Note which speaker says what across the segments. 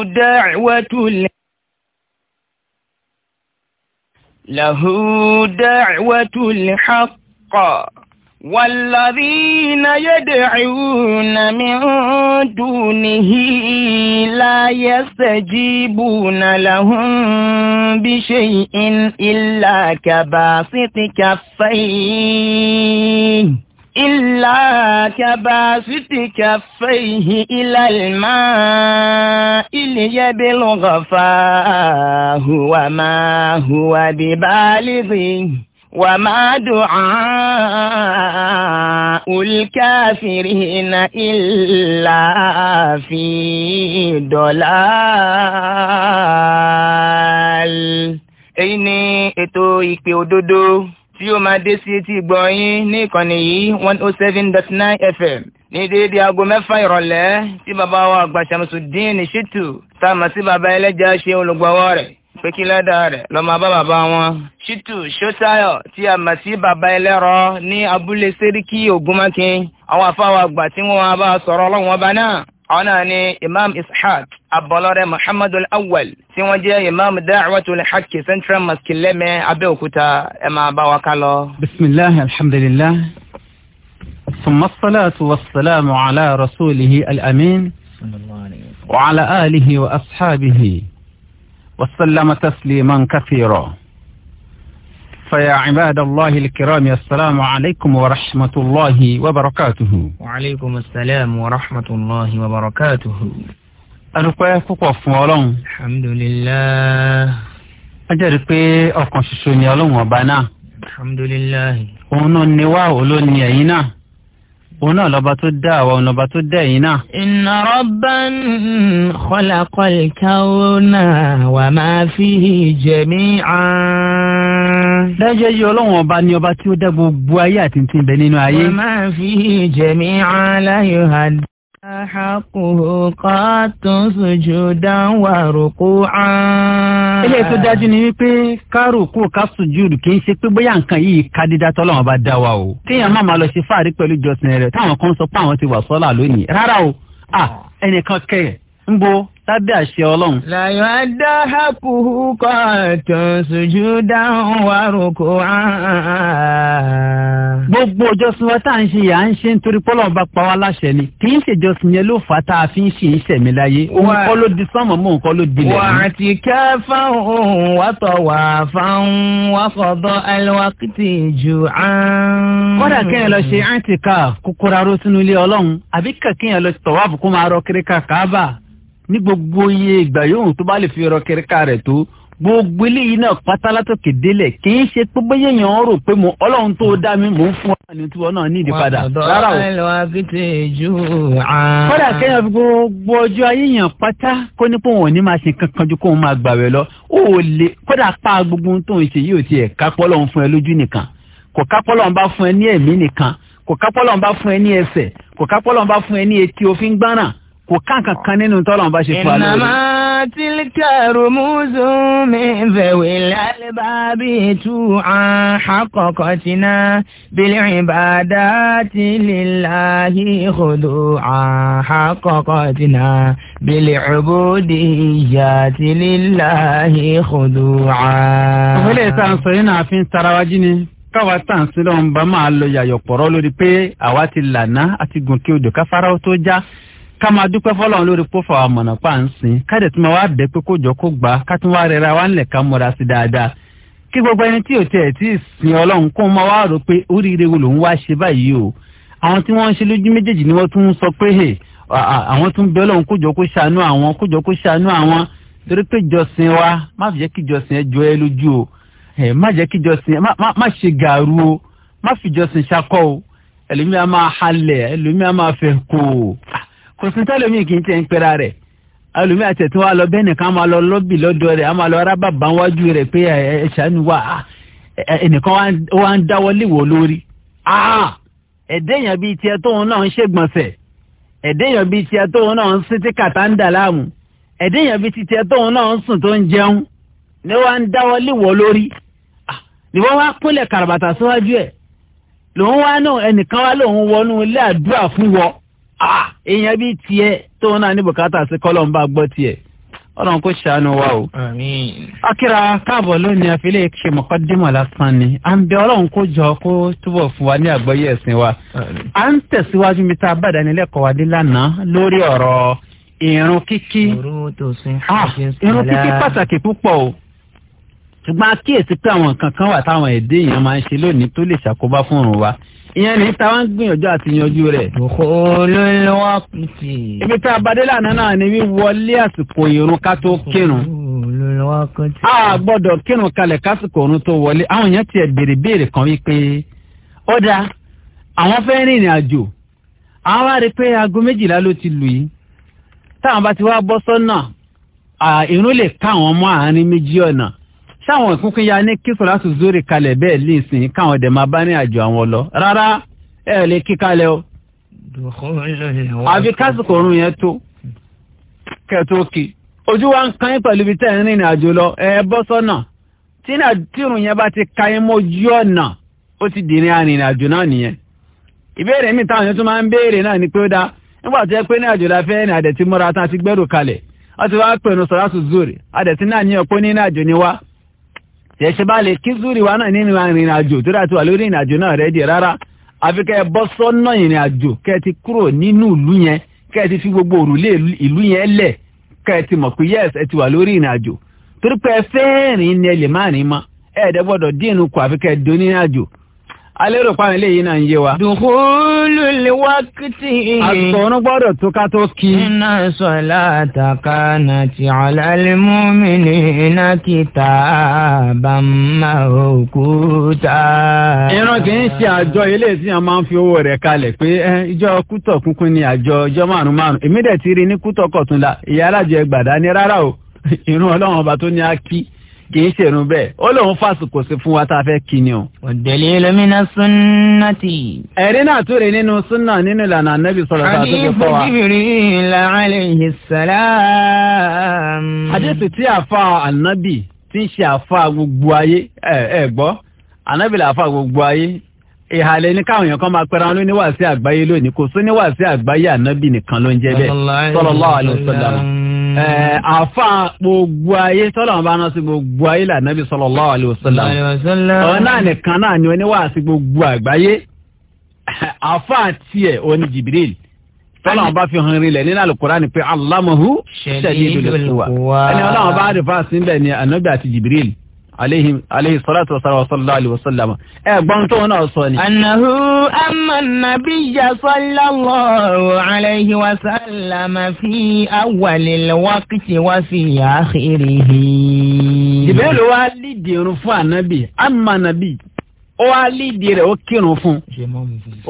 Speaker 1: دعوة له دعوة الحق والذين يدعون من دونه لا يستجيبون لهم بشيء إلا كباسط كفيه إلا كباسط كفيه إلى الماء ليبلغ فاه وما هو ببالغه وما دعاء الكافرين إلا في ضلال èyí ni ètò ìpè òdodo tí ó máa dé sí etí gbọ̀nyín ní ìkànnì yìí one oh seven dot nine fm ní déédé aago mẹ́fà ìrọ̀lẹ́ tí bàbá wa àgbà Ṣàmsùdín Ṣítù tá a mọ̀ sí bàbá ẹlẹ́jà ṣe olùgbọ̀wọ́ rẹ̀ pé kí lẹ́dà rẹ̀ lọ máa bá bàbá wọn. Ṣítù Ṣótáyọ̀ tí a mọ̀ sí bàbá ẹlẹ́rọ ní abúlé Sẹ́ríkì Ògúnmákin àwọn àfáwà àgbà tí wọ́n máa bá sọ̀rọ̀ ọlọ́run ọba náà àwọn náà ni Imam Ishaq abọ́lọ́rẹ́ muhammadu awwal tí wọ́n jẹ́ imam da'watul haqq central mosque lẹ́mẹ́ abẹ́òkúta ẹ máa bá wa ká lọ.
Speaker 2: bisimilahi alhamdulilah summa salatu wa salamu ala rasulihi al wa ala alihi wa ashabihi wa salama tasliman kathira. فيا عباد الله الكرام السلام عليكم ورحمة الله وبركاته
Speaker 1: وعليكم السلام ورحمة الله وبركاته adúpẹ́ púpọ̀ fún ọlọ́run. alhamdulilayi. a jẹ́rìí pé ọ̀kan ṣoṣo ni
Speaker 2: ọlọ́run ọba náà.
Speaker 1: alhamdulilayi.
Speaker 2: òun náà ni wá òun ló ni ẹ̀yin náà. òun náà lọ́ba tó dá àwa òun lọ́ba tó dá ẹ̀yin náà.
Speaker 1: inna rabban khalaqal kawna wa ma fihi jami'an.
Speaker 2: dájẹ́jú ọlọ́run ọba ni ọba tí ó dá gbogbo ayé àti ti bẹ nínú ayé. wa
Speaker 1: ma fihi jami'an la yuhad. ahapụghị قات سجودا وركوعا ilé tó dájú ni wípé kárùkù ká
Speaker 2: sùjúdù kì í se pé bóyá nkan yìí ká dídá tọ́lọ́wọ́n bá wa o kéèyàn má ma lọ ṣe fáàrí pẹ̀lú ìjọsìn rẹ̀ táwọn kan sọ pé àwọn ti wà lónìí rárá o ẹnìkan ń bo tábí àṣẹ ọlọ́run. làyọ̀ adáhàkù kọ́ tó sojú dáhùn wárúkọ
Speaker 1: áhàn.
Speaker 2: gbogbo ìjọsìn wa tá à ń ṣe yà á ń ṣe nítorí pọ́lọ́ bá pa wá láṣẹ ni kì í ṣe ìjọsìn yẹn ló fà á tá a fi ń ṣe ìṣẹ̀mí láyé òun kọ́ ló di sánmọ̀ mọ́ òun kọ́ ló dilẹ̀. wà á
Speaker 1: ti kẹ́ fáwọn wàtọ̀ wà fáwọn wàkọ̀dọ̀ ẹlẹ́wàkìtì jù án. kódà
Speaker 2: kéèyàn ní gbogbo iye ìgbà yòówù tó bá lè fi ọ̀rọ̀ kẹríkà rẹ̀ tó gbogbo eléyìí náà pátálátòkè délẹ̀ kì í ṣe pé bóyá èèyàn rò pé mo ọlọ́run tó dá mi mò ń fún ọ ní tiwọn náà ní ìdí padà rárá
Speaker 1: o.
Speaker 2: kódà kéèyàn fi gbogbo ọjọ́ ayé yàn pátá kó ní pé òun ò ní máa ṣe kankan ju kó òun máa gbàwẹ̀ lọ ó lè kódà pa gbogbo ohun tó ń ṣe yìí ò tiẹ̀ kápọ́ lọ́run fún ẹ lójú nìkan kò kápọ́ lọ́run bá fún ẹ ní ẹ̀mí nìkan kò kápọ́ lọ́run bá fún ẹ ní ẹsẹ̀ kò kápọ́ lọ́run bá fún ẹ ní etí òfin gbáràn kò káàkàn kan nínú tọ́lọ̀ bá ṣe fà lórí. ìnàmá
Speaker 1: tílíkà rùmúzù mi fẹ̀wé lálẹ́bàbí tú àhàkọ́kọ́ tí ná bílẹ̀ ìbàdá tí lílàhí ìkòdó àhàkọ́kọ́ tí ná bílẹ̀ ìbòdì ìyá tí lílàhí ìkòdó à. òfìlẹ̀ ìsànsọ yìí
Speaker 2: náà fi ń sarawájú ni káwa tàn sílẹ̀ ọ̀nba máa lọ yàyọ̀ pọ̀rọ̀ lórí pé àwa ti lànà àti gòkè odò káfárá tó já ká máa dúpẹ́ fọlọ́run lórí pófà wa mọ̀nà pa ń sìn káde tí máa wá bẹ̀ pé kó jọ kó gbà ká tún wá rẹra wá nílẹ̀ ká mọ́ra sí dáadáa kí gbogbo ẹni tí ò tiẹ̀ tí ì sin ọlọ́run kó máa wá rò pé oríire wo lòun wá ṣe báyìí o àwọn tí wọ́n ń ṣe lójú méjèèjì ni wọ́n tún ń sọ pé hè àwọn tún bẹ̀ ọlọ́run kó jọ kó ṣàánú àwọn kó jọ kó ṣàánú àwọn torí pé jọsìn wa má fi jẹ́ kí jọsìn ẹ jọ ẹ lójú o má jẹ́ kí jọsìn má ṣe gàrú o má fi jọsìn ṣakọ o ẹlòmíà máa halẹ̀ ẹlòmíà máa fẹ́ kó o kò sí tẹ́lẹ̀mí kì í tẹ́ ń pera rẹ̀ alùmí àti ẹ̀tún wa lọ bẹ́ẹ̀ nìkan máa lọ lọ́bì lọ́dọ̀ rẹ̀ a máa lọ arábà bá wájú rẹ̀ pé ẹ ṣàánú wa ah, ẹnìkan wa ń dáwọ́lé wò lórí ah, ẹ̀dẹ́ yẹn bíi tiẹ̀ tóun náà ń ṣègbọ̀nsẹ̀ ẹ̀dẹ́ yẹn bíi tiẹ̀ tóun náà ń sin tí kàtá ń dà láàmú ẹ̀dẹ́ yẹn bíi tiẹ̀ tóun náà ń sùn tó ń jẹun ni wọ́n ń dáwọ́lé wò lórí ah, ni wọ́n wá kúnlẹ̀ kàràbàtà síwájú ẹ̀ lòun wá náà ẹnìkan wá lòun wọnú ilé àdúrà fún wọn. Ah, èèyàn bíi tiẹ̀ tóun náà ní bùkátà sí kọ́lọ̀ bá gbọ́ tiẹ̀ ọlọ́run kò ṣàánú wa o. akíra káàbọ̀ lónìí àfilẹ̀ ṣe mọ̀kọ́dímọ̀ lásán ni à ń bẹ ọlọ́run kó jọ kó túbọ̀ fún wa ní àgbọ́yé ẹ̀sìn wa. à ń tẹ̀síwájú mi tá a bá lórí ọ̀rọ̀
Speaker 1: irun kíkí. irun ah, kíkí pàtàkì
Speaker 2: púpọ̀ o. ṣùgbọ́n a pé àwọn nǹkan kan wà táwọn èdè èèyàn máa ń ṣe lónìí tó lè ṣàkóbá fún òun wa ìyẹn ní táwọn gbìyànjú àti yanjú rẹ̀. olólùwà kùtì. ibi tá a badé lánàá náà ni wíwọlé àsìkò ìrun ká tó kírun.
Speaker 1: olólùwà kùtì.
Speaker 2: a gbọ́dọ̀ kírun kalẹ̀ kásìkò ìrun tó wọlé àwọn yẹn tiẹ̀ béèrè béèrè kan wípé ó dáa àwọn fẹ́ rìnrìn àjò àwọn wá rí i pé aago méjìlá ló ti lù yìí táwọn bá ti wá bọ́ sọ́nà ìrun lè ká àwọn mọ́ àárín méjì ọ̀nà ṣáwọn ìkúnkún ya ní kí sọ̀rọ̀ àtúnzórì kalẹ̀ bẹ́ẹ̀ lè sìn káwọn ọ̀dẹ̀ máa bá ní àjò àwọn lọ rárá ẹ lè kí kalẹ̀ o. àfi kásìkò ọ̀run yẹn tó kẹ̀tó kì ojú wa ń kan yín pẹ̀lú ibi tẹ́ ń rìnrìn àjò lọ ẹ bọ́ sọ́nà tí ìrùn yẹn bá ti ka yín mójú ọ̀nà ó ti dìrín arìnrìn àjò náà nìyẹn. ìbéèrè mi táwọn yẹn tún máa ń béèrè náà ni pé ó dáa nígbà tó yẹ pé ní àjò la fẹ́ ní àdẹ̀tí mọ́ra tán àti gbẹ́rù kalẹ̀ wọ́n ti wá pẹ̀lú sọ̀rọ̀ àtúnzórì àdẹ̀tí náà ní ọ̀pọ̀ ní ní àjò ni wá tẹ̀sí bá lè kí zúrì wa náà nínú ìrìn àjò tó dà tí wà lórí ìrìn àjò náà rẹ̀ díẹ̀ rárá àfi kẹ́ ẹ bọ́ sọ́nà ìrìn àjò kẹ́ ẹ ti kúrò nínú ìlú yẹn kẹ́ ẹ ti fi gbogbo òrùlé ìlú yẹn lẹ̀ kẹ́ ẹ ti mọ̀ pé yẹ́s ẹ ti wà lórí ìrìn àjò torí pé ẹ fẹ́ẹ̀rìn ni ẹ lè má rìn mọ́ ẹ̀ẹ́dẹ́gbọ́dọ̀ dín inú kù àfi kẹ́ ẹ di onírìn àjò alérò pa ilé yìí náà ń yé wa. dùkúlù lewakiti. àtọ̀run
Speaker 1: gbọ́dọ̀ tó ká tó kí. iná sọ̀lá àtàkà náà ti ọ̀làlẹ́ mú mi ní iná kíta bá máa òkúta. ìran kì
Speaker 2: í ṣe àjọ ilé tí a máa ń fi owó rẹ̀ kalẹ̀ pé ìjọ kútọ̀ kúnkún ni àjọ ìjọ márùn-ún márùn-ún èmi rí ní kútọ̀ kọ̀túnla ìyá alájọ ẹgbàdá ni rárá o ìrún ọlọ́run ọba tó ní á kí kì í ṣèrun bẹ́ẹ̀ ó lóun fàṣùkò sí fún wa tá a fẹ́ kí ni
Speaker 1: o. òdèlè lómìnà súnà tì. ẹ̀rí náà tún rè nínú súnà
Speaker 2: nínú ìlànà anábì sọ̀rọ̀ tá a tó fi fọ́ wa. àdìsí
Speaker 1: Jibril alayhi salam.
Speaker 2: àdìsí tí àfa anábì ti ń ṣe àfa gbogbo ayé ẹ ẹ gbọ́ anábì là àfa gbogbo ayé ìhàlẹ̀ ní káwọn èèyàn kan máa pẹ́ra wọn ló ní wàásí àgbáyé lónìí kò sún ní wàásí àgbáyé anábì nìkan ló ń jẹ́ bẹ́ẹ̀ sallallahu Mm. àfa gbogbo ayé sọ́lọ́ wọn bá ná sí gbogbo ayé là nàbí sallallahu alaihi wasallam ọ̀hún náà nìkan náà ni oníwàásí gbogbo àgbáyé àfa tiẹ̀ oní Jibril tọ́lá ọba fi hàn rinlẹ̀ nínú alukurani pé alamahu ṣẹ̀dí ìdúlẹ̀ kúwa ẹni ọlọ́run bá rí fásin bẹ́ẹ̀ ni anabi àti Jibril aléhi sọ́látọ̀ sọ́lá alìwọ̀sọ́lámà ẹgbọ́n tó náà sọ ni. annahu
Speaker 1: amma nabiyya sallallahu alayhi wa sallama fi awwalil waqti wa fi akhirihi. ìbéèrè wa lídìí irun fún ànábì amma
Speaker 2: nabi ó wá lídìí rẹ̀ ó kírun fún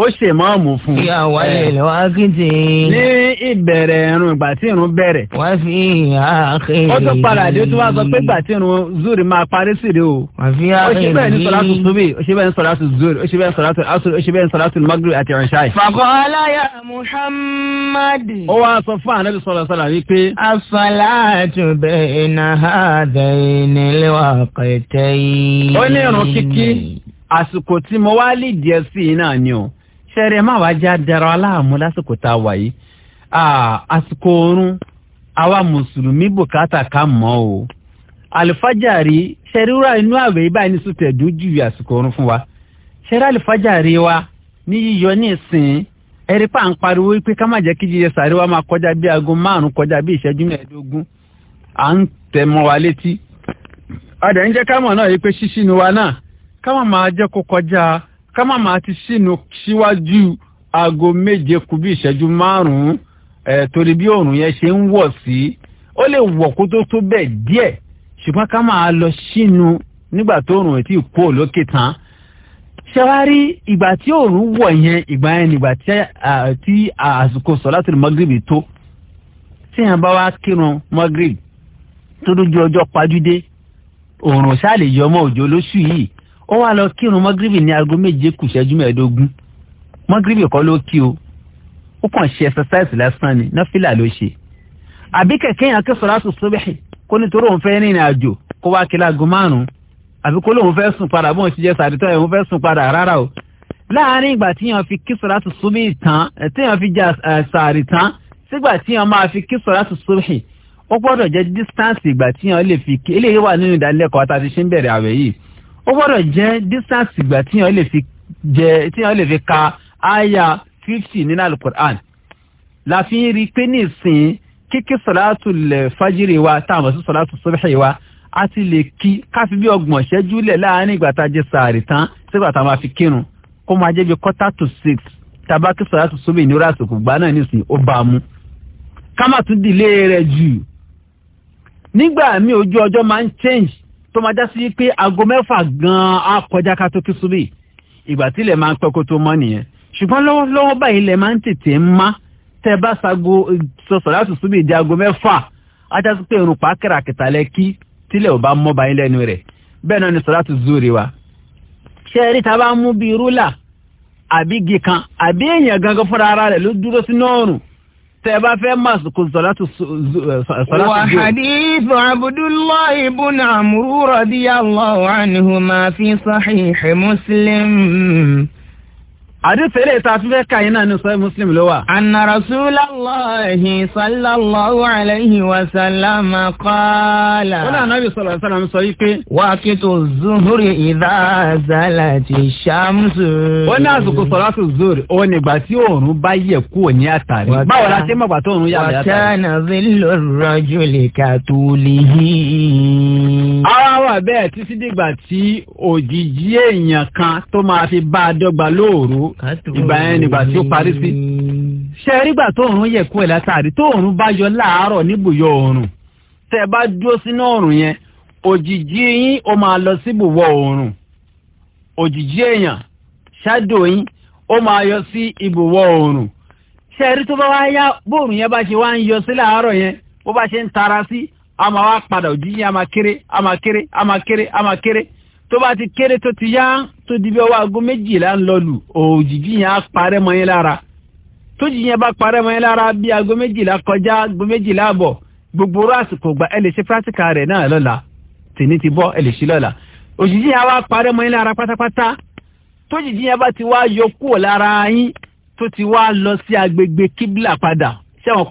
Speaker 2: ó ṣe mọ́ọ̀mù fún. kí àwa lè lọ wá kíndì. ní ìbẹ̀rẹ̀ irun ìgbà tí irun bẹ̀rẹ̀. wá fi àáké. ó tún padà dé tí wọ́n sọ pé ìgbà tí irun zuri máa parí sí rè o. wá fi àáké rí. ó ṣe bẹ́ẹ̀ ní sọ̀rọ̀tù subi ó ṣe bẹ́ẹ̀ ní sọ̀rọ̀tù zuri ó ṣe bẹ́ẹ̀ ní sọ̀rọ̀tù asuri ó ṣe bẹ́ẹ̀ ní sọ̀rọ̀tù magre àti ọ̀nṣáì. faqala
Speaker 1: ya Muhammad. ó wá sọ fún ànábì sọ̀rọ̀ sọ̀rọ̀ wípé. as-salatu bayna hadayni al-waqtayn. ó ní
Speaker 2: àsìkò tí mo wá lè díẹ̀ sí i náà ni o ṣẹ̀rẹ̀ má wàá já dara aláàmú lásìkò tá a wà yìí àsìkò oorun àwa mùsùlùmí bùkátà ká mọ̀ o àlùfájàrí ṣẹ̀ríwúrà inú àwẹ̀ ibà ní sùtẹ̀dù jù àsìkò oorun fún wa ṣẹ̀rí àlùfájàrí wa ní yíyọ ní ìsìn ẹ̀rí pa ń pariwo pé ká má jẹ́ kí jíjẹ sàrí wa máa kọjá bí aago márùn kọjá bí ìṣẹ́jú mẹ́ẹ̀ẹ́dógún à ń tẹ̀ mọ́ wa létí ọ̀dẹ̀ ń jẹ́ ká mọ̀ náà yí pé ṣíṣí ni wa náà ká má máa jẹ́ kó kọjá ká má máa ti sínú síwájú aago méje kù bí ìṣẹ́jú márùn-ún ẹ̀ torí bí òòrùn yẹn ṣe ń wọ̀ sí ó lè wọ̀ kó tó tó bẹ́ẹ̀ díẹ̀ ṣùgbọ́n ká máa lọ sínú nígbà tó òòrùn ètí kó lókè tán ṣẹwárí ìgbà tí òòrùn wọ̀ yẹn ìgbà yẹn nígbà tí àsìkò sọ̀látùl mọ́gírìbì tó tíyẹn bá wá kírun mọ́gírìbì tó dójú ọjọ́ pajúdé òòrùn ṣáà lè yọmọ òjò lóṣù yìí ó wá lọ kírun mọ́gírìbì ní aago méje kù ṣẹ́jú mẹ́ẹ̀ẹ́dógún mọ́gírìbì kọ́ ló kí o ó kàn ṣe ẹsẹsáìsì lásán ni náfìlà ló ṣe àbí kẹ̀kẹ́ yẹn akẹ́ sọ̀rọ̀ àtúntò bẹ́ẹ̀ kó nítorí òun fẹ́ rìnrìn àjò kó wá kí láago márùn-ún àbí kó lóun fẹ́ sùn padà bóun ti jẹ́ sàdítọ́ ẹ̀ òun fẹ́ sùn padà rárá o láàárín ìgbà tí yẹn fi kí sọ̀rọ̀ àtúntò bẹ́ẹ̀ tán eh, tí yẹn fi jà eh, sàárì tán sígbà tí yẹn máa fi kí sọ̀rọ̀ àtúntò bẹ́ẹ̀ ó gbọ́dọ̀ jẹ́ distance ìgbà tí yẹn lè fi kí eléyìí wà nínú ìdánilẹ́kọ̀ọ́ tá ṣe ń bẹ̀rẹ̀ àwẹ̀ yìí ó gbọ́dọ̀ jẹ́ distance ìgbà tí yàn lè fi jẹ tí yàn lè fi ka aya fifty nínú alukur'an láfi ń rí i pé ní ìsìn kíkí sọ̀láàtù lẹ̀ fájìrì wa táwọn ọ̀sán sọ̀láàtù sọ́bẹ̀hì wa a ti lè kí káfí bí ọgbọ̀n ṣẹ́jú lẹ̀ láàrin ìgbà tá a jẹ sàárì tán sígbà tá a máa fi kírun kó máa jẹ́ bí quarter to six tabaki sọ̀láàtù sọ́bẹ̀ ìnira àsìkò gbà náà nísìn ó bá a mú ká má tún dìlé rẹ̀ jù nígbà míì ojú ọjọ́ máa ń change tó máa já sí pé aago mẹ́fà gan-an á kọjá ká tó kí súbì ìgbà tí ilẹ̀ máa ń pẹ́ kó tó mọ́ nìyẹn ṣùgbọ́n lọ́wọ́lọ́wọ́ báyìí ilẹ̀ máa ń tètè ń má tẹ́ bá sago sọ̀sọ̀ láti súbì di aago mẹ́fà á já sí pé irun pàákẹ́rẹ́ àkìtàlẹ́ kí tílẹ̀ ò bá mọ́ báyìí lẹ́nu rẹ̀ bẹ́ẹ̀ náà ni sọ̀láàtù zúri wa ṣé rí ta bá mú bíi rúlà àbí igi àbí èèyàn gangan fúnra ara rẹ̀ ló dúró sínú ọ̀rùn tẹ́ẹ̀bá fẹ́ máa kò sọ̀látù sọ̀látù. wà
Speaker 1: hadith abdullahi ibn amru radiyallahu anhu ma fi sahih muslim àdìsẹ́lẹ̀ tá a tún fẹ́ kàyín náà ní sọ́yìn muslim ló wà. anna rasulallahi sallallahu alayhi wa sallam qala. wọ́n náà nábì sọ̀rọ̀ sọ̀rọ̀ mi sọ yìí pé. waqitu zuhuri idha zalati shamsu. ó ní àsìkò
Speaker 2: salatu zuhuri ó ní ìgbà tí òòrùn bá
Speaker 1: yẹ kúrò ní àtàrí. báwo la ṣe mọ̀gbà tó òòrùn yà lẹ́yà tàrí. wa kana zillu rajuli katulihi.
Speaker 2: ara wà bẹ́ẹ̀ títí ìgbà yẹn nígbà tí ó parí sí. ṣé rígbà tóòrùn yẹ kú ẹ̀ látàrí tóòrùn bá yọ láàárọ̀ níbùyọ oòrùn tẹ́ ẹ bá dúró sínú oòrùn yẹn òjìjí yín ó máa lọ síbùwọ̀ oòrùn òjìjí èèyàn ṣáàdò yín ó máa yọ sí ibùwọ̀ oòrùn ṣé rí tó bá wá yá bóòrùn yẹn bá ṣe wá ń yọ sí láàárọ̀ yẹn bó bá ṣe ń tara sí a wá padà òjìjí yẹn a máa kéré a tó bá ti kéré tó ti yá tó di bí ọwọ́ aago méjìlá ń lọlù òjìjì yẹn á parẹ́ mọ́ yín lára tójì yẹn bá parẹ́ mọ́ yín lára bí aago méjìlá kọjá aago méjìlá àbọ̀ gbogbo orú àsìkò gbà ẹ lè ṣe pírátíkà rẹ̀ náà lọ́la tèmi ti bọ́ ẹ lè ṣe lọ́la òjìjì yẹn á wá parẹ́ mọ́ yín lára pátápátá tójìjì yẹn bá ti wá yọ kúrò lára yín tó ti wá lọ sí agbègbè kíbla padà ṣé àwọn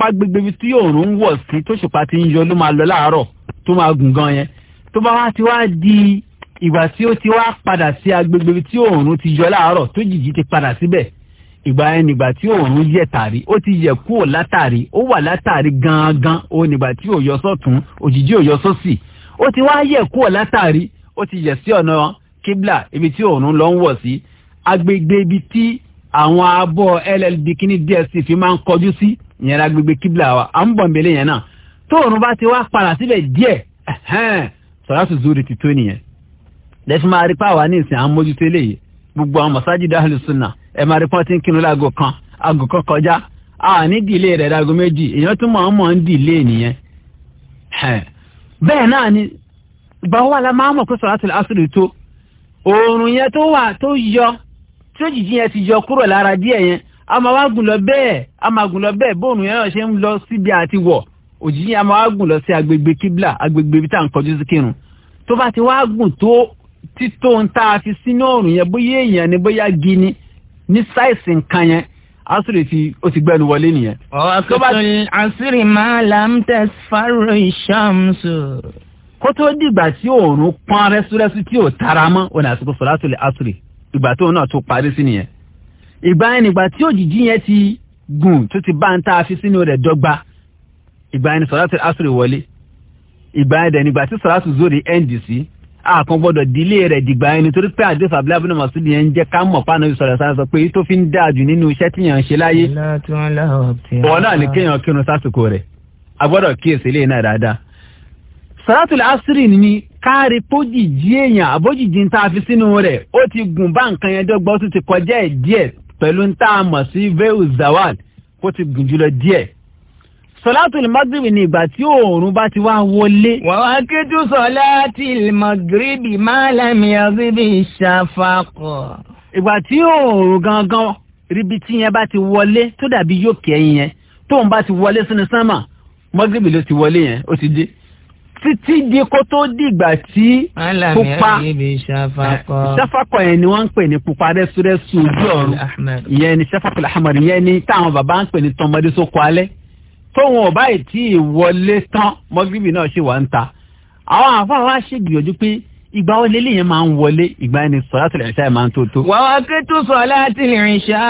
Speaker 2: pa di ìgbà tí ó ti wá padà sí agbègbè tí òòrùn ti yọ láàárọ̀ tó jìjì ti padà síbẹ̀ ìgbà yẹn nígbà tí òòrùn yẹ tàrí ó ti yẹ kúò látàrí ó wà látàrí gangan ó nígbà tí ò yọ sọ́tún òjìjì ò yọ sósì ó ti wá yẹ kúò látàrí ó ti yẹ sí ọ̀nà kíblà ibi tí òòrùn lọ ń wọ̀ sí agbègbè ibi tí àwọn abọ́ llb kíní dsc fi máa ń kọjú sí ìyẹn agbègbè kíblà wa à ń bọ̀ mbẹ́lẹ́ yẹn náà tóòrùn bá ti wá padà síbẹ̀ díẹ̀ sọ̀rọ̀ àtúzúrí ti tó nìyẹn lẹ́tí máa rí pàwọ́ ní ìsìn àwọn eléyìí gbogbo àwọn mọ̀sájídá àlùsùnà ẹ̀ máa rí pọ́n tí ń kan aago kan kọjá a dìlé rẹ̀ dago méjì èèyàn tún mọ̀ ọ́n mọ̀ ń dìlé nìyẹn. bẹ́ẹ̀ náà ni báwo la máa mọ̀ kó sọ̀rọ̀ àṣírí tó oòrùn yẹn tó wà tó yọ tí òjìji yẹn ti yọ kúrò lára díẹ̀ yẹn a máa wá gùn lọ bẹ́ẹ̀ a máa gùn lọ bẹ́ẹ̀ yẹn ṣe ń lọ síbi àti wọ̀ yẹn a máa wá gùn lọ tító ń tá a fi sínú ọ̀rùn yẹn bóyá èèyàn ni bóyá gi ni ní sáìsì nǹkan yẹn asiri ti o ti gbẹnu wọlé nìyẹn.
Speaker 1: ọ̀sọ̀tún asiri máa lam tasfaru ìṣàmùsù. kó tó dìgbà tí òòrùn pọ́n rẹ́súrẹ́sú tí ò tara mọ́ òun àsìkò
Speaker 2: sọ̀rọ̀sọ̀lẹ̀ asiri ìgbà tóun náà tó parí sí nìyẹn. ìgbà yẹn nígbà tí òjìji yẹn ti gùn tó ti bá ń tá a sínú rẹ̀ dọ́gba ìgbà yẹn ni sọ̀rọ̀sọ̀lẹ̀ asiri wọlé ìgbà yẹn dẹ̀ nígbà tí sọ̀rọ̀sọ̀lẹ̀ zori ndc a kàn gbọ́dọ̀ dílé rẹ̀ dìgbà ẹni torí pé àdéhùn abúlé abúlé masudi yẹn ń jẹ́ ká mọ̀ fáwọn ibi sọ̀rọ̀ sáà sọ pé tó fi ń dáa jù nínú iṣẹ́ tíyàn ń ṣe láyé
Speaker 1: bọ̀ náà ni kéèyàn
Speaker 2: kírun sásìkò rẹ̀ a gbọ́dọ̀ kíyèsí ilé náà dáadáa. sàràtúlẹ̀ asiri ni káàrí pójì jí èèyàn àbójìjì ń tá a fi sínú rẹ̀ ó ti gùn bá nǹkan yẹn dọ́gbọ́ tó ti kọjá ẹ̀ díẹ̀
Speaker 1: sọláàtì magrebi ni ìgbà tí oòrùn bá ti wá wọlé. wà á kéjú sọláàtì magrebi máa lámì ọ̀gbìnbí ìṣàfàkọ̀. ìgbà tí oòrùn gangan ríbi tí yẹn bá ti wọlé tó
Speaker 2: dàbí yókè ẹyin yẹn tóun bá ti wọlé sínú sánmà magrebi ló ti wọlé yẹn ó ti dé títí di kó tó dìgbà tí pupa ṣafakọ yẹn ni wọ́n ń pè ní pupa rẹ́súrẹ́sù ojú ọ̀run ìyẹn ni ṣafakọ làhámọ́rin ìyẹn ni táwọn bàbá ń pè ní tọmọdé sóko tóun ọba ìtí ìwọlé tán mọ́gìrìbì náà ṣì wà ń ta àwọn àfáà wa ṣègbìyànjú pé ìgbà wọlé lèyẹn máa ń wọlé ìgbà ẹni sọláàtì ìrìnsà máa ń tó tó.
Speaker 1: wà á ké tó sọláàtì ìrìnsà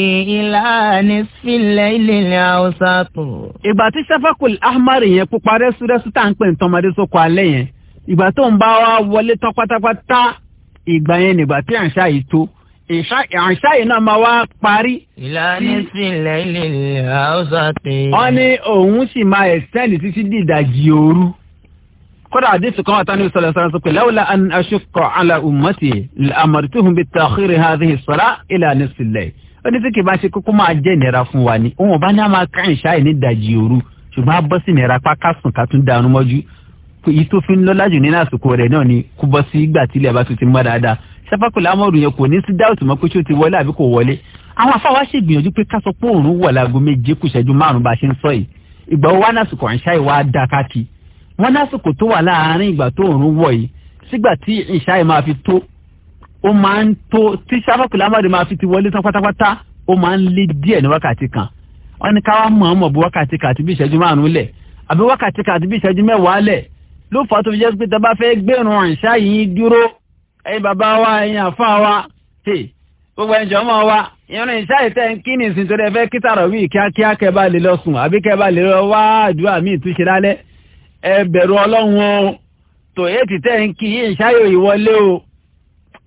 Speaker 1: ìlànà ìfilẹ̀ ilé ní haúsá tó. ìgbà tí safakul ahmar yẹn pupa rẹ́súrẹ́sú tá à
Speaker 2: ń pè ní tọmọdé sóko alẹ́ yẹn ìgbà tó ń bá wa wọlé tán pátápátá ìgbà yẹn nígbà tí àǹṣá yìí tó ìṣáyè náà máa wá parí.
Speaker 1: ìlànà sílẹ̀ ilé haúsá ti. wọ́n
Speaker 2: ní òun sì máa ẹ̀sẹ́ǹdì títí di ìdajì òru. kódà àdìsí kan wà tánú sọlẹ̀ sọlẹ̀ sọ pé lawla an ashukka ala ummati amartuhum bitakhiri hadhihi as-salah ìlànà sílẹ̀. ó ní tí kì í bá ṣe kókó máa jẹ́ ìnira fún wa ni. òun bá ní a máa ká ìṣáyè ní ìdajì òru ṣùgbọ́n a bọ́ sí ìnira pákásùn ká tún dànù mọ́jú. ìtòfin lọ́lájú nínú àsìkò rẹ̀ náà ni kú bọ́ sí ìgbà tílẹ̀ bá tún ti mọ́ dáadáa sáfàkùlà amọ̀rù yẹn kò ní sí dáùtù mọ́ pé ṣé ó ti wọlé àbí kò wọlé àwọn afáwa ṣe gbìyànjú pé ká sọ pé òòrùn wọ̀ láago méje kù ṣẹ́jú márùn bá a ṣe ń sọ yìí ìgbà wo wá násìkò ìṣá yìí wá dá káàkiri wọn násìkò tó wà láàárín ìgbà tó òòrùn wọ̀ yìí sígbà tí ìṣá yìí máa fi tó ó máa ń tó tí sáfàkùlà amọ̀rù máa fi ti wọlé tán pátápátá ó máa ń lé díẹ̀ ní wákàtí kan wọn ní káwá mọ̀ọ́mọ̀ bí wákàtí kan bí ìṣẹ́jú márùn lẹ̀ àbí wákàtí kan bí ìṣẹ́jú mẹ́wàá lẹ̀ ló fà á tó fi jẹ́ pé tá a bá fẹ́ gbẹ̀rùn ìṣá yìí dúró ẹ̀yin bàbá wa ẹ̀yin àfa wa tè gbogbo ẹ̀jọ̀ mọ́ wa ìrìn ìṣá ìtẹ́ ń kí ní ìsìn tó dẹ fẹ́ kí tààrọ̀ wí kíákíá kẹ́ bá lè lọ sùn àbí kẹ́ bá lè lọ wá àdúrà míì tún ṣe lálẹ́ ẹ bẹ̀rù ọlọ́run o tò èyí tẹ́ ń kí yìí ìṣáyò ìwọlé o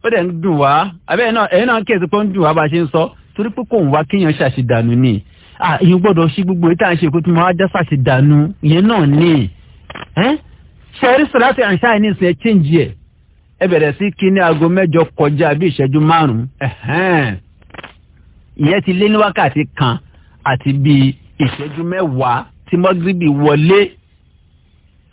Speaker 2: ó dẹ̀ ń dùn wá àbẹ́ ẹ̀yin náà kíyèsí pé ó ń dùn wá bá a ṣe ń sọ torí pé kò ń wá kéèyàn ṣàṣìdànù ni ìyẹn gbọ́dọ̀ ṣí gbogbo ìta ṣe kó tí mo á já ṣàṣìdànù ìyẹn náà ni ṣe rí sọ láti àṣà ẹ̀ ní ìsìn ẹ̀ ẹ bẹ̀rẹ̀ sí kí ní aago mẹ́jọ kọjá bí ìṣẹ́jú márùn-ún ìyẹn ti lé ní wákàtí kan àti bíi ìṣẹ́jú mẹ́wàá tí mọ́gíríbì wọlé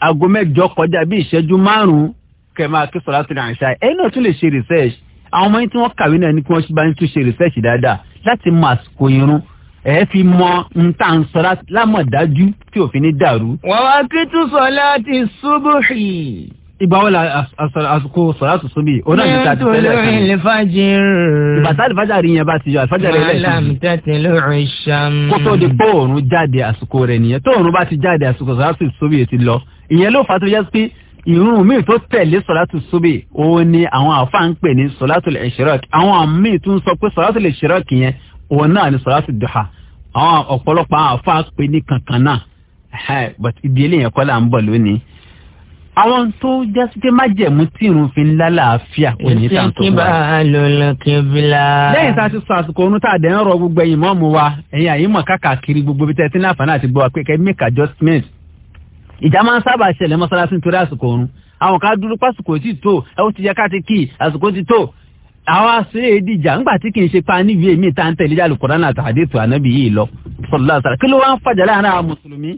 Speaker 2: aago mẹ́jọ kọjá bí ìṣẹ́jú márùn-ún kẹ́ máa kí sọ̀rọ̀ àtúnyà àṣà ẹ̀ náà tún lè ṣe research àwọn ọmọ yín tí wọ́n kàwé náà ni kí wọ́n bá ń tún ṣe research dáadáa láti mọ àsìkò irun ẹ fi mọ nta ń sọra lámọ̀dájú tí òfin ní dàrú.
Speaker 1: wọ́n wá kí tún sọ láti ṣubú
Speaker 2: ìgbàwo la àsìkò sọ̀rọ̀tù súnbì òun náà níta ti tẹ́lẹ̀ kan. lẹ́tọ̀lórí
Speaker 1: ìfajìrì. ìbàtà
Speaker 2: ìfajàrí yẹn bá ti yọ àfajàrí ẹlẹ́sìn. malam
Speaker 1: tẹ́tẹ̀ lórí di
Speaker 2: bóòrùn jáde àsìkò rẹ̀ nìyẹn tóòrùn bá ti jáde àsìkò sọ̀rọ̀tù súnbì ti lọ ìyẹn ló fà tó yẹ pé ìrun míì tó tẹ̀lé sọ̀látù sóbè òun ni àwọn àfáà ń pè ní sọ̀látù ìṣirọ́ọ̀kì àwọn míì tún sọ pé ni sọ̀látù dùhà àwọn ọ̀pọ̀lọpọ̀ àwọn àfáà pè ní kankan náà but ibi eléyìí ẹ̀kọ́ là àwọn tó jẹ́ pé májẹ̀mú tí irun fi ń lálàáfíà kò ní tàn tó wá. ìsìnkí bá
Speaker 1: a lò lọ kébìlà. lẹ́yìn tá a
Speaker 2: ti sọ àsìkò oorun tá a dẹ̀ ń rọ gbogbo ẹ̀yìn mọ́ọ̀mù wa ẹ̀yìn àyímọ̀ káàkiri gbogbo bí tẹ́tí láǹfààní àti gbọ́ akẹ́kẹ́ make adjustment. ìjà máa ń sábà ṣẹlẹ̀ mọ́sálásí nítorí àsìkò oorun àwọn kan dúró pásìkò tí tó ẹ ó ti yẹ ká ti kí àsìkò tí tó àwọn aṣèré ìdíjà ńgbà tí kì í ṣe pa níbi èmi tá à ń tẹ̀lé jálùkọ̀rán àtàdé tó ànábì yìí lọ sọ̀rọ̀ láti sàrà kí ló wá ń fàjà láàárín àwọn mùsùlùmí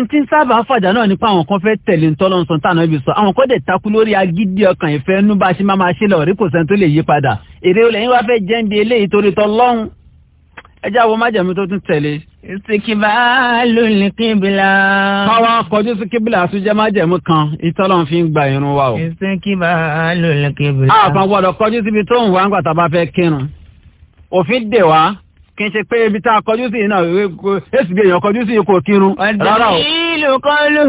Speaker 2: ntí ń sábà fàjà náà nípa àwọn kan fẹ́ tẹ̀lé ń tànà ibi sọ àwọn kan dẹ̀ takú lórí agídí ọkàn ìfẹ́ nú bá ṣe máa máa ṣe lọ́ọ̀rí kò sẹ́ni tó lè yí padà èrè olè yín wá fẹ́ jẹ́ ń eléyìí torí tọ́ lọ́hùn ẹjẹ́ àwọn májèmí tó tún tẹ̀lé. ìsìnkìbá ló ní káwa kọjú sí kíbìlà àtúnjẹ kan ìtọ́lọ́ fi ń gba irun wa o. ìsìnkìbá ló ní kíbìlà kí n ṣe pé ibi tá a kọjú sí iná èsì bí èèyàn kọjú sí kò kírun rárá ìlú kọlu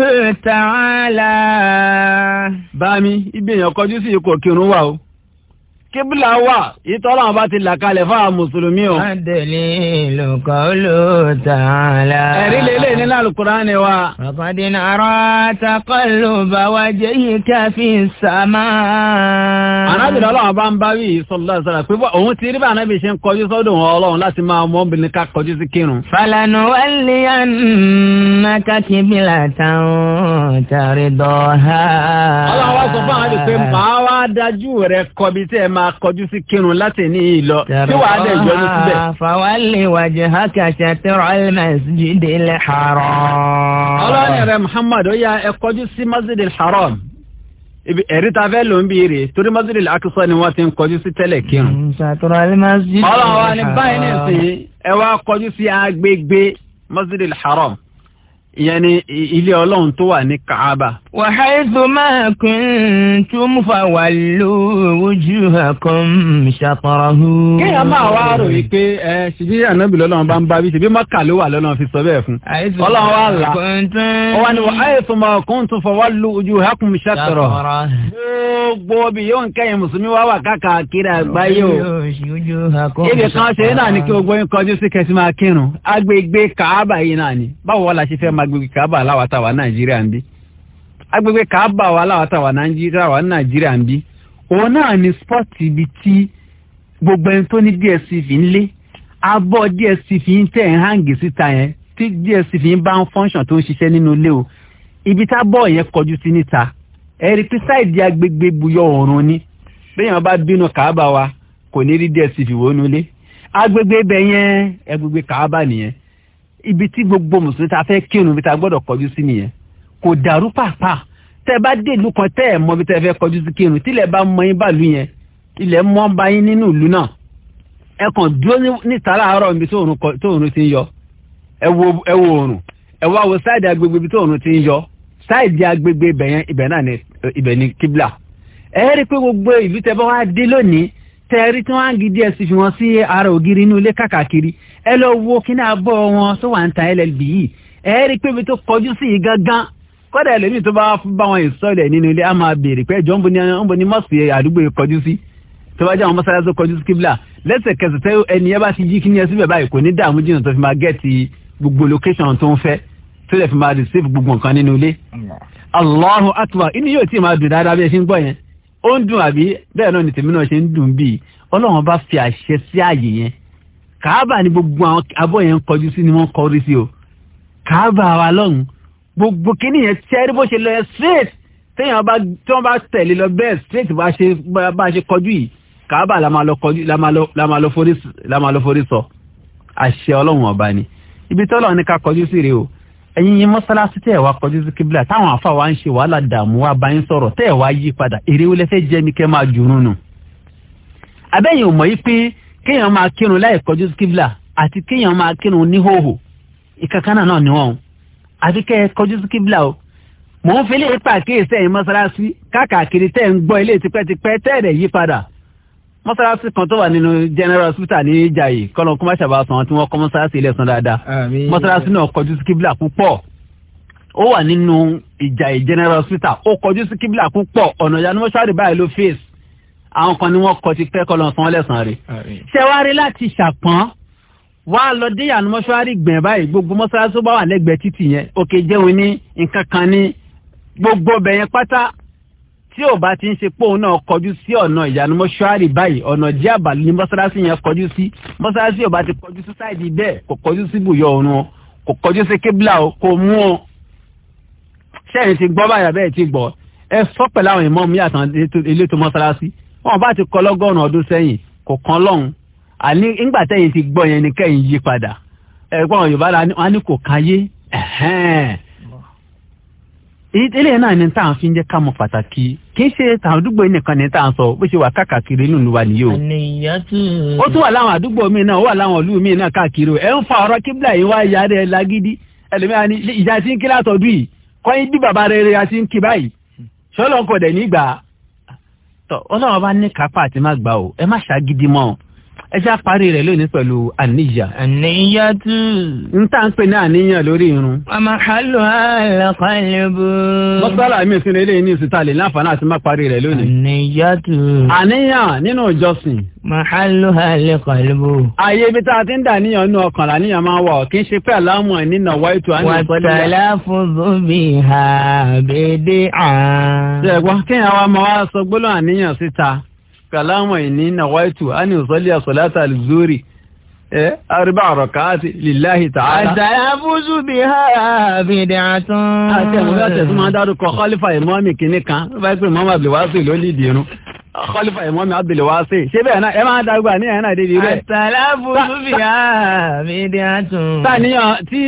Speaker 2: tààlà. bá mi ibi èèyàn kọjú sí kò kírun wà o
Speaker 1: kíbílà wà
Speaker 2: ìtọ́lọ́ àwọn bá ti là kalẹ̀ fáwọn mùsùlùmí o.
Speaker 1: adèlè lùkọ́ ló tààlà. ẹ̀rí lélẹ̀ nínú alukurani wa. ọ̀kadìní arọ́ takọ́lù bàwá jẹ́ yìí káfí sàmà. anábìrì ọlọ́run bá ń
Speaker 2: bá wí sọlá sọlá pé òun ti rí bá anábìrì ṣe ń kọjú sọ́dọ̀ wọn ọlọ́run láti máa mọ obìnrin ká kọjú sí
Speaker 1: kírun. falanu wali anaka kíbílà tari tàrí dọ́ha. ọlọ́run wá sọ fún àwọn
Speaker 2: àdìpé màá wá dájú rẹ kọbi máa kọjú sí kírun láti ní ìlọ tí wàá lè yọjú síbẹ̀.
Speaker 1: fawalli wajhaka shatral masjidil haram. ọlọ́run rẹ̀ muhammad ó yá ẹ kọjú sí masjidil
Speaker 2: haram ẹ̀rí ta fẹ́ ló ń bí rè torí masjidil aqsa ni wọ́n ti ń kọjú sí tẹ́lẹ̀ kírun.
Speaker 1: shatral mm, masjidil haram. ọlọ́run wa ni
Speaker 2: ẹ wá kọjú sí agbègbè masjidil haram ìyẹn ni ilé ọlọ́run tó wà ní kaaba.
Speaker 1: wa haythu ma kuntum fawallu wujuhakum shatrahu. kéèyàn máa wá rò yìí pé ẹ ṣíbí ànábì lọ́lọ́run bá ń bá
Speaker 2: bí ṣe bí mọ́kà ló wà lọ́lọ́run fi sọ bẹ́ẹ̀ fún. ọlọ́run wà là
Speaker 1: ó wà ní wa haythu
Speaker 2: ma kuntum fawallu wujuhakum shatrahu. gbogbo bí yóò ń kẹ́yìn mùsùlùmí wá wà
Speaker 1: káàkiri àgbáyé o. ibi kan ṣe náà ni kí gbogbo
Speaker 2: yín kọjú sí kẹsì máa kírun agbègbè kaaba yìí náà máa agbègbè kaaba aláwàtà wà nàìjíríà ń bí agbègbè kaaba aláwàtà wà nàìjíríà ń bí òun náà ni spọ́ọ̀tì ibi tí gbogbo ẹni tó ní DSTV ń lé abọ́ DSTV ń tẹ̀ ń hàǹgì síta yẹn tí DSTV ń bá ń fọ́nṣàn tó ń ṣiṣẹ́ nínú ilé o ibi tá bọ́ọ̀ yẹn kọjú sí níta ẹ̀rí pé sáìdì agbègbè buyọ̀ ọ̀run ni bínú kaaba wa kò ní rí DSTV wọnú ilé agbègbè yẹn kaaba nìyẹn ibi tí gbogbo mùsùlùmí ta fẹ́ kírun ibi ta gbọ́dọ̀ kọjú sí nìyẹn kò dàrú pàápàá tẹ́ bá dé ìlú kan tẹ́ ẹ̀ mọ̀ ibi tẹ́ fẹ́ kọjú sí kírun tílẹ̀ bá mọ yín bàlú yẹn ilẹ̀ mọ́ bá yín nínú ìlú náà ẹ kàn dúró níta láàárọ̀ ibi tó òrùn ti ń yọ ẹ wo òrùn ẹ wá wo sáìdì agbègbè ibi tó òrùn ti ń yọ sáìdì agbègbè ibẹ̀ yẹn ibẹ̀ náà ni ibẹ̀ ni kíbla ẹ rí i pé gbogbo ìlú tẹ́ bá wá dé lónìí tẹ́ẹ̀rí tí wọ́n á gidi ẹ̀ sì fi wọ́n sí ara ògiri inú ilé kàkàkiri ẹ lọ wo kíní abọ́ wọn tó wà ń ta llb yìí ẹ rí i pé ibi tó kọjú sí yìí gangan kọ́dà ẹlòmíì tó bá bá wọn ìsọ̀lẹ̀ nínú ilé á máa béèrè pé ẹjọ́ ń bo ní mọ́ọ̀sì àdúgbò kọjú sí tó bá jẹ́ àwọn mọ́sálásí kọjú sí kíbla lẹ́sẹ̀kẹsẹ̀ tẹ́ ẹni ẹ bá ti jí kíní ẹ síbẹ̀ báyìí kò ní dààmú jìnnà tó fi máa gẹ́ẹ̀tì gbogbo location tó ń fẹ́ tó lè fi máa receive gbogbo nǹkan nínú ilé. Allahu akbar inú yóò tí ì máa dùn dáadáa bí ẹ ṣe ń gbọ́ yẹn ó ń dùn àbí bẹ́ẹ̀ náà ni tèmi náà ṣe ń dùn bíi ọlọ́run bá fi àṣẹ sí ààyè yẹn kàábà ni gbogbo àwọn abọ́ yẹn ń kọjú sí ni wọ́n kọrí sí o kàábà wa lọ́hùn gbogbo kíní yẹn tẹ́rí bó ṣe lọ yẹn straight téèyàn bá tí wọ́n bá tẹ̀lé lọ bẹ́ẹ̀ straight bá ṣe bá ṣe kọjú yìí kàábà la máa lọ kọjú la máa lọ la máa lọ forí la máa lọ forí sọ àṣẹ ọlọ́run ọba ni ibi tọ́lọ́run ní ká kọjú sí rèé o ẹ̀yin yín mọ́sálásí tẹ́ ẹ̀ wá kọjú sí kíbílà táwọn afa wa ń ṣe wàhálà dààmú wa bá yín sọ̀rọ̀ tẹ́ ẹ̀ wá yí padà èrè wọlé fẹ́ jẹ́ mi kẹ́ máa jùrún nù. abẹ́yìn ò mọ̀ yí pé kéèyàn máa kírun láì kọjú sí kíbílà àti kéèyàn máa kírun níhòòhò ìkankanà náà ni wọ́n àti kẹ́ ẹ kọjú sí kíbílà o. mò ń fi ilé kéèsì ẹ̀yin mọ́sálásí káàkiri tẹ́ ń gbọ́ mọ́sálásí kan tó wà nínú general hospital ní Ìjàyè kọ́lọ́n kó má ṣàbà san tí wọ́n kọ́ mọ́sálásí ilé san dáadáa mọ́sálásí náà kọjú sí kíbla púpọ̀ ó wà nínú Ìjàyè general hospital ó kọjú sí kíbla púpọ̀ ọ̀nà ìyanu mọ́ṣáàrì báyìí ló fèsì àwọn kan ni wọ́n kọ ti pẹ́ kọ́lọ́n san lẹ́sàn rẹ̀ ṣẹ́wárí láti ṣàpọ́n wá lọ dé ìyanu mọ́ṣáàrì gbẹ̀ báyìí gbogbo mọ́sálásí ó bá wà lẹ́gbẹ̀ẹ́ títì yẹn òkè jẹun ní nǹkan kan ní gbogbo bẹ̀yẹn pátá tí ò bá ti ń ṣe pé òun náà kọjú sí ọ̀nà ìyanu mọ́ṣúárì báyìí ọ̀nà jẹ́ àbàlù ni mọ́ṣáláṣí yẹn kọjú sí mọ́ṣáláṣí ò bá ti kọjú sí sáìdì bẹ́ẹ̀ kò kọjú sí bùyọ̀ ọ̀run o kò kọjú sí kébìlà o kò mú o sẹ́yìn ti gbọ́ báyà bẹ́ẹ̀ ti gbọ́ ẹ sọ pẹ̀lú àwọn ìmọ̀ mi àtàn elétò mọ́ṣáláṣí wọn bá ti kọ lọ́gọ́rùn ọdún sẹ́yìn kò kan lọ́hùn eléyìí náà ni tá à ń fi jẹ́ ká mọ̀ pàtàkì kì í ṣe tàwọn àdúgbò nìkan ni tá à ń sọ bó ṣe wà káàkiri nínú
Speaker 1: wa nìyí o. ó tún wà láwọn
Speaker 2: àdúgbò míì náà ó wà láwọn ìlú míì náà káàkiri o ẹ ń fa ọ̀rọ̀ kíbla yìí wá ìyá rẹ̀ lágídí ẹlòmíràn ni ìjà tí ń kí látọ̀dún yìí kọ́yìn bí bàbá rẹ̀ rẹ̀ ti ń kí báyìí ṣọlọ ń kọ̀dẹ̀ nígbà. ọlọ́run bá ní kápá àti má gbà o ẹ má ṣàgídí mọ́ ẹ ṣe àparí rẹ̀ lónìí pẹ̀lú àníyà.
Speaker 1: àníyà
Speaker 2: tù. n tá n pè ní àníyàn lórí irun. àmà hàlù àlàkàlẹ́bù. mọ́sálà mi ìsinmi eléyìí ní ìsúta lè láǹfààní àti má parí rẹ̀ lónìí. àníyà tù. àníyàn nínú
Speaker 1: ìjọsìn. màhálù àlàkàlẹ́bù.
Speaker 2: ààyè ibi tá a ti ń dà níyàn nínú ọkàn làníyàn máa wà kì í ṣe pé àlámù ẹ̀ nínà wáyé tó àníyàn. wàtàlá
Speaker 1: fún bómi ha kàlámà
Speaker 2: ìní nàwáìtù á ní ìsọ́lé àsọ̀látà àlùzórì arba àrọ̀káàtì lillahi ta'ala. àtàyàfúsù
Speaker 1: bí ha bìdì àtún. àti ẹ̀mú láti ẹ̀sùn máa dárúkọ
Speaker 2: kọ́lífà ìmọ́mì kìnnìkan báyìí pé mọ́mà bìlì wá sí ìlú ó kọ́lífà ìmọ̀ mi abdul wasi ṣé bẹ́ẹ̀ náà ẹ máa dàgbà ní ẹ̀yìn náà débi bẹ́ẹ̀. àtàlábù lùbíà mídí àtún. sàníyàn tí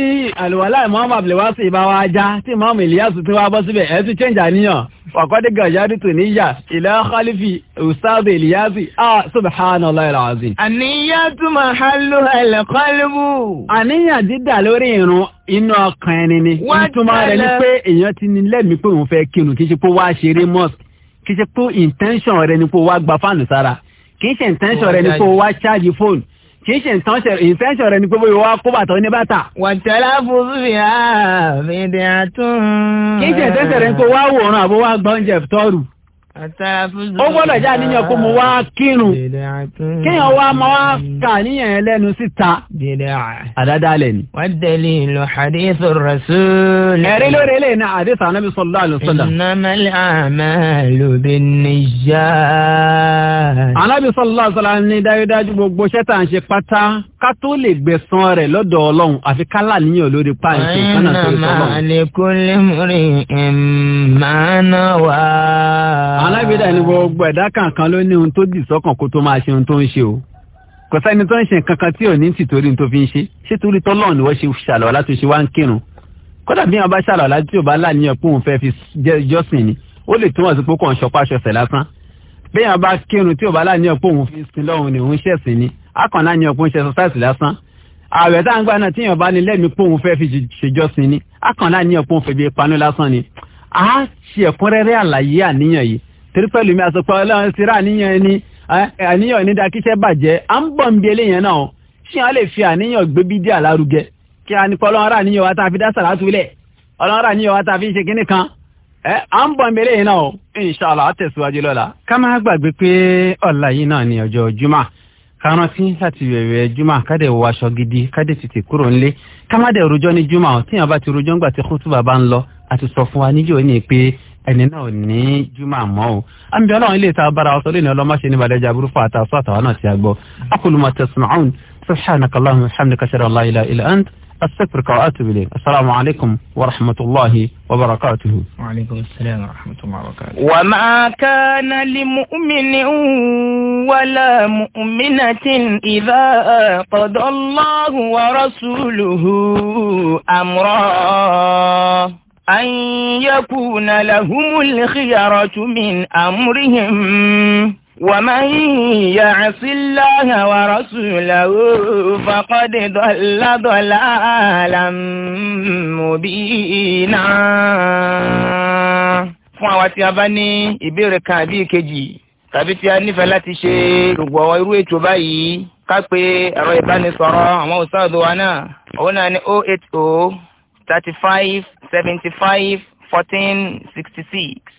Speaker 2: àlùwàlá ìmọ̀ abdul wasi bá wa já tí ìmọ̀ ìlíyàsù tí wàá bọ́ síbẹ̀ ẹ̀ tún chẹ́ǹjà níyàn ọ̀kọ́dé gàjáde tó níyà ìlà kọ́lífì ustaz ìlíyàsì ah subhanallahi alazim. àníyàn tún máa hálò ẹ̀lẹ́kọ́líbù. àníyàn dídà lórí irun inú ọkàn ẹni ni. wọ́n ti tẹ́lẹ̀ ìtumọ̀ rẹ̀ ni pé èèyàn ti ní lẹ́mìí pé òun fẹ́ kírun kì í kì í ṣe pé intention rẹ ni pé wá gba fáànù sára kì í ṣe intention rẹ ni pé wá ṣáàjì fóònù kìí ṣe nǹkan ṣe ìfẹ́ṣọ̀ rẹ ni pé bóyá wá kó bàtà
Speaker 1: ní bàtà. wàtẹ́lá fúnfì àmì ìdí àtún. kìí ṣe ìfẹ́ṣọ̀ rẹ ni pé wá wòran àbó wá tọ́rù ó gbọ́dọ̀ já níyàn kó mo wá kírun kíyàn wá ma
Speaker 2: wá kà níyàn yẹn lẹ́nu síta àdádálẹ̀
Speaker 1: ni. wọ́n dẹ̀lé ìlú hadithu rasul. ẹ̀rí lórí ilé náà hadith anabi sallallahu alaihi wasallam. innamal a'malu binniyat.
Speaker 2: anabi sallallahu alaihi wasallam ní dájúdájú gbogbo ṣẹ́tà ń ṣe pátá ká tó lè gbẹ̀san rẹ̀ lọ́dọ̀
Speaker 1: ọlọ́run àfi ká làníyàn lórí páàkì kánà alábìdá ni gbogbo
Speaker 2: ẹ̀dá kankan ló ní ohun tó dì sọ́kàn kó tó máa ṣe ohun tó ń ṣe o kò sẹ́ni tó ń ṣe nǹkan tí ò ní tìtorí tó fi ń ṣe ṣé torí tọ́lọ́ ni wọ́n ṣe ṣàlọ́ láti ṣe wá ń kírun kódà bí wọn bá ṣàlọ́ láti tí ò bá láàníyàn pé òun fẹ́ fi jọ́sìn ni ó lè túmọ̀ sí pé kò ń ṣọpáṣọsẹ̀ lásán bí wọn bá kírun tí ò bá láàníyàn pé òun fi sin lọ́hùn ni òun ṣẹ̀sìn ni akàn láàníyàn pé òun ṣe sọ́sáìsì lásán ààrẹ tá à ń gbà náà tíyàn bá ní lẹ́mìí pé òun fẹ́ fi ṣèjọ́sìn ni akàn láàníyàn pé òun fẹ́ bí panú lásán ni a ṣe ẹ̀kúnrẹ́rẹ́ àlàyé àníyàn yìí torí pẹ̀lú mi àsopọ̀ ọlọ́run síra àníyàn ẹni àníyàn ní dakíṣẹ́ bàjẹ́ à ń bọ̀ ń bí eléyàn náà ṣé wọn lè fi àníyàn gbé bí díà lárugẹ kí a ní pọ́lọ́run ara àníyàn wa tá a fi dá sàlátúlẹ̀ ọlọ́run ara àníyàn wa tá a fi ṣe kínní kan à ń bọ̀ ń bí eléyàn náà inṣàlá àtẹ̀síwájú lọ́la. ká má gbàgbé pé ọ̀la yìí náà ni ọjọ́ jùmọ̀ karanti láti wẹ̀wẹ̀ juma kádẹ wọ aṣọ gidi kádẹ tètè kúrò nílé kámádẹ rojọ́ ní juma tíyan ti rojọ́ ńgbà tí kútùbà bá ń lọ àti sọ fún wa níjọ́ ní pé ẹni náà ní júmọ̀ àmọ́ o àmì ọlọ́run ilé ìta bára ọsọ lónìí ọlọ́mọṣẹ́ ní balẹ̀ jaburú fún àtàwọn sọ àtàwọn náà ti àgbọ̀ akuluma tasma'un subhanaka allahumma hamdika shara la ilaha illa ant astaghfiruka wa atubu ilayk assalamu alaykum wa rahmatullahi wa barakatuhu wa alaykum
Speaker 1: assalam wa rahmatullahi wa barakatuhu wa mu'minatin idha qada wa rasuluhu amra أن يكون لهم الخيرة من أمرهم ومن يعص الله ورسوله فقد ضل ضلالا مبينا fún àwa tí a bá ní ìbéèrè kan àbí ìkejì tàbí tí a nífẹ̀ẹ́ láti ṣe gbogbo àwọn irú ètò báyìí ká pé ẹ̀rọ ìbánisọ̀rọ̀ àwọn òṣèlú wa náà òun náà ní 080 thirty-five seventy-five fourteen sixty-six.